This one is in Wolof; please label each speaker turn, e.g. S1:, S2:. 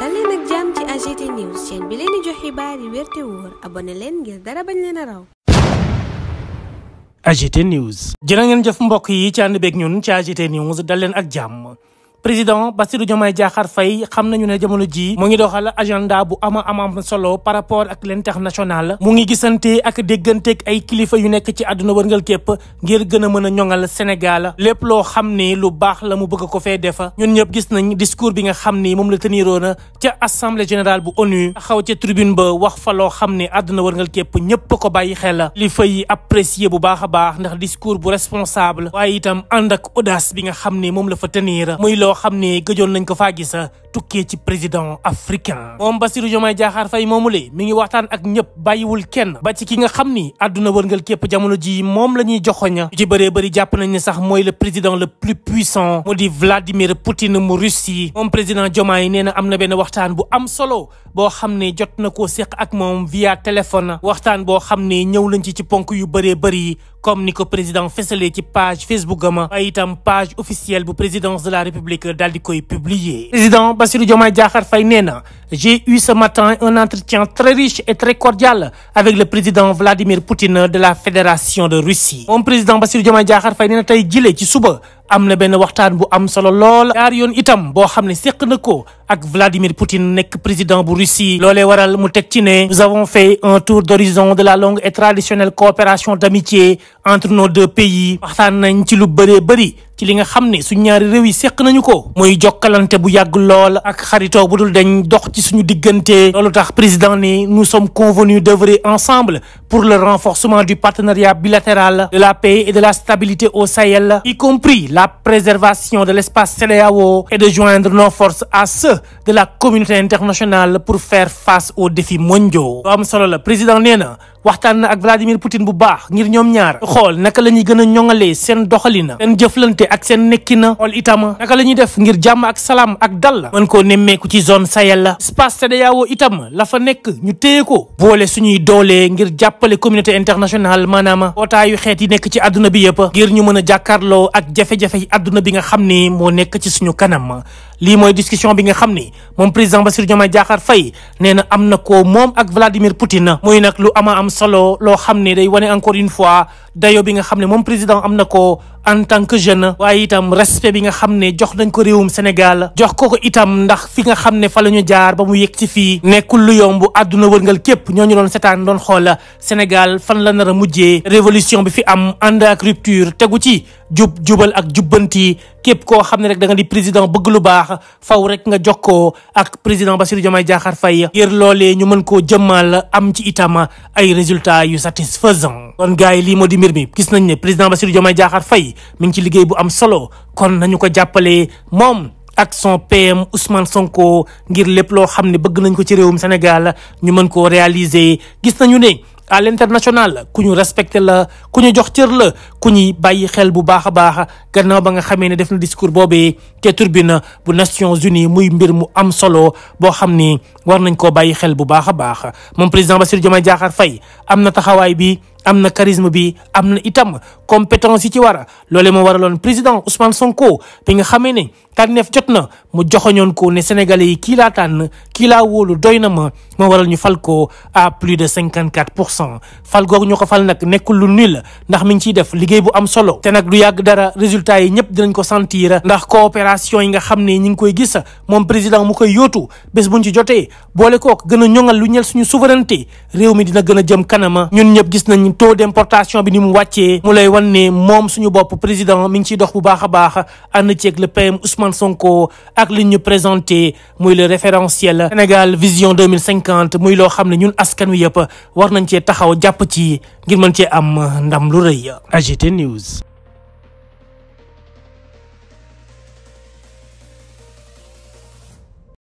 S1: dal leen ak jàmm ci AGT news chaîne bi leen di jox xibaar yi wér te wóor abonné leen ngir dara bañ leen a raw. AGT news. jërë ngeen jëf mbokk yi ci ànd beeg ñun ci AGT news dal leen ak jàmm. président Bassirou Diomaye Diakhar Faye xam nañu ne jamono jii mu ngi doxal agenda bu ama amam solo par rapport ak l'international mu ngi gisante ak dégganteeg ay kilifa yu nekk ci àdduna warngal képp ngir gën a mën a ñoŋal Sénégal lépp loo xam ni lu baax la mu bëgg ko fee defa ñun ñëpp gis nañ discours bi nga xam ni moom la teniroona ca assemblée générale bu ONU xaw ca tribune ba wax fa loo xam ni àdduna warngal képp ñëpp ko bàyyi xel kilifa yi apprécier bu baax a baax ndax discours bu responsable waaye itam ànd ak audace bi nga xam ni moom la fa tenir yoo xam ne gëjoon nañ ko faa gis ah, tukkee ci président africain moom Bassirou Diomaye Diakhar Faye moomule mi ngi waxtaan ak ñëpp bàyyiwul kenn ba ci ki nga xam ni àdduna wërngal képp jamono ji moom la ñuy joxoña ah. ci bëree bëri jàpp nañ ne sax mooy le président le plus puissant mu di Vladimir Poutine mu Russie moom président Diomaye yi na am na benn waxtaan bu am solo boo xam ne jot na koo séq ak moom via téléphone waxtaan boo xam ne ñëw lañ ci ci ponk yu bëree bëri comme ni ko président fësalee ci page Facebook am ay page officielle bu présidence de la république daal di koy publier. président Bassirou Diomaye Diakhar Faye nee na j'ai eu ce matin un entretien très riche et très cordial avec le président Vladimir Poutine de la fédération de Russie. moom président Bassirou Diomaye Diakhar Faye nee na tey jile ci suba. am na benn waxtaan bu am solo lool arion itam boo xam ne séq na ko ak Vladimir Poutine nekk président bu Russie lool waral mu teg ci ne nous avons fait un tour d'horizon de la longue et entre nos deux pays waxtaan nañ ci lu bëree bëri ci li nga xam ne su ñaari réew yi seq nañu ko muy jokkalante bu yàgg lool ak xarito bu dul dañ dox ci suñu diggante loolu tax président ni nous sommes convenus d'œuvrer ensemble pour le renforcement du partenariat bilatéral de la paix et de la stabilité au Sahel y compris la préservation de l'espace CEDEAO et de joindre nos forces à ceux de la communauté internationale pour faire face au défi mondiaux lu am solo waxtaan na ak Vladimir Poutine bu baax ngir ñoom ñaar xool naka la ñuy gën a ñoŋalee seen doxalina seen jëflante ak seen nekkina xool itam naka la ñuy def ngir jàmm ak salaam ak dal la mën koo nemmeeku ci zone Sahel la espace CEDEAO itam la fa nekk ñu téye ko boole suñuy doolee ngir jàppale communauté internationale maanaam bootaayu xeet yi nekk ci àdduna bi yëpp ngir ñu mën a jàkkaarloo ak jafe-jafe yi àdduna bi nga xam ne moo nekk ci suñu kanam lii mooy discussion bi nga xam ni moom président Bassirou Diomaye Diakhar Faye nee na am na ko moom ak Vladimir Poutine muy nag lu ama am solo loo xam ne day wane encore une fois dayo bi nga xam ne moom président am na ko en tant que jeune waaye itam respect bi nga xam ne jox nañ ko réewum Sénégal jox ko ko itam ndax fi nga xam ne fa la ñu jaar ba mu yegg ci fii nekkul lu yomb àdduna wërngal képp ñoo ñu doon setaan doon xoola Sénégal fan la nar a mujjee révolution bi fi am ànd ak rupture tegu ci jub jubal ak jubbanti képp koo xam ne rek da di président bëgg lu baax faw rek nga jox ko ak président Bassirou Diomaye Diakhar Faye ngir loolee ñu mën koo jëmmal am ci itam ay résultats yu satisfaisant kon gars yi lii moo di mbir mi gis nañ ne président Bassirou Diomaye Diakhar Faye mu ngi ci liggéey bu am solo kon nañu ko jàppale moom ak son PM Ousmane Sonko ngir lépp loo xam ne bëgg nañ ko ci réewum Sénégal ñu mën koo réaliser gis nañu ne à l'international ku ñu respecté la ku ñu jox cër la ku ñuy bàyyi xel bu baax a baax gannaaw ba nga xamee ne def na discours boobee te turbine bu Nations Unies muy mbir mu am solo boo xam ni war nañ koo bàyyi xel bu baax a baax moom président Bassirou Diomaye Diakhar fay am na taxawaay bi am na charisme bi am na itam compétence yi ci war a loolee moo waraloon président Ousmane Sonko bi nga xamee ne tànneef jot na mu joxoñoon ko ne sénégalais yi kii laa tànn kii laa woolu doy na ma moo waral ñu fal ko à plus de cinquante quatre pour cent fal googu ñu ko fal nag nekkul lu nul ndax mi ngi ciy def liggéey bu am solo te nag du yàgg dara résultat yi ñëpp dinañ ko sentir ndax coopération yi nga xam ne ñi ngi koy gis moom président mu koy yootu bés buñ ci jotee boole k gën a ñoŋal lu suñu souveraineté réew mi dina gën a jëm kanama ñun ñëpp gis nañ seen taux d'importation bi ni mu wàccee mu lay wan ne moom suñu bopp président mi ngi ciy dox bu baax a baax ànd ceeg le PM Ousmane Sonko ak li ñu présenté muy le référentiel Sénégal vision 2050 muy loo xam ne ñun askan wi yëpp war nañ cee taxaw jàpp ci ngir mën cee am ndam lu rëy AGT News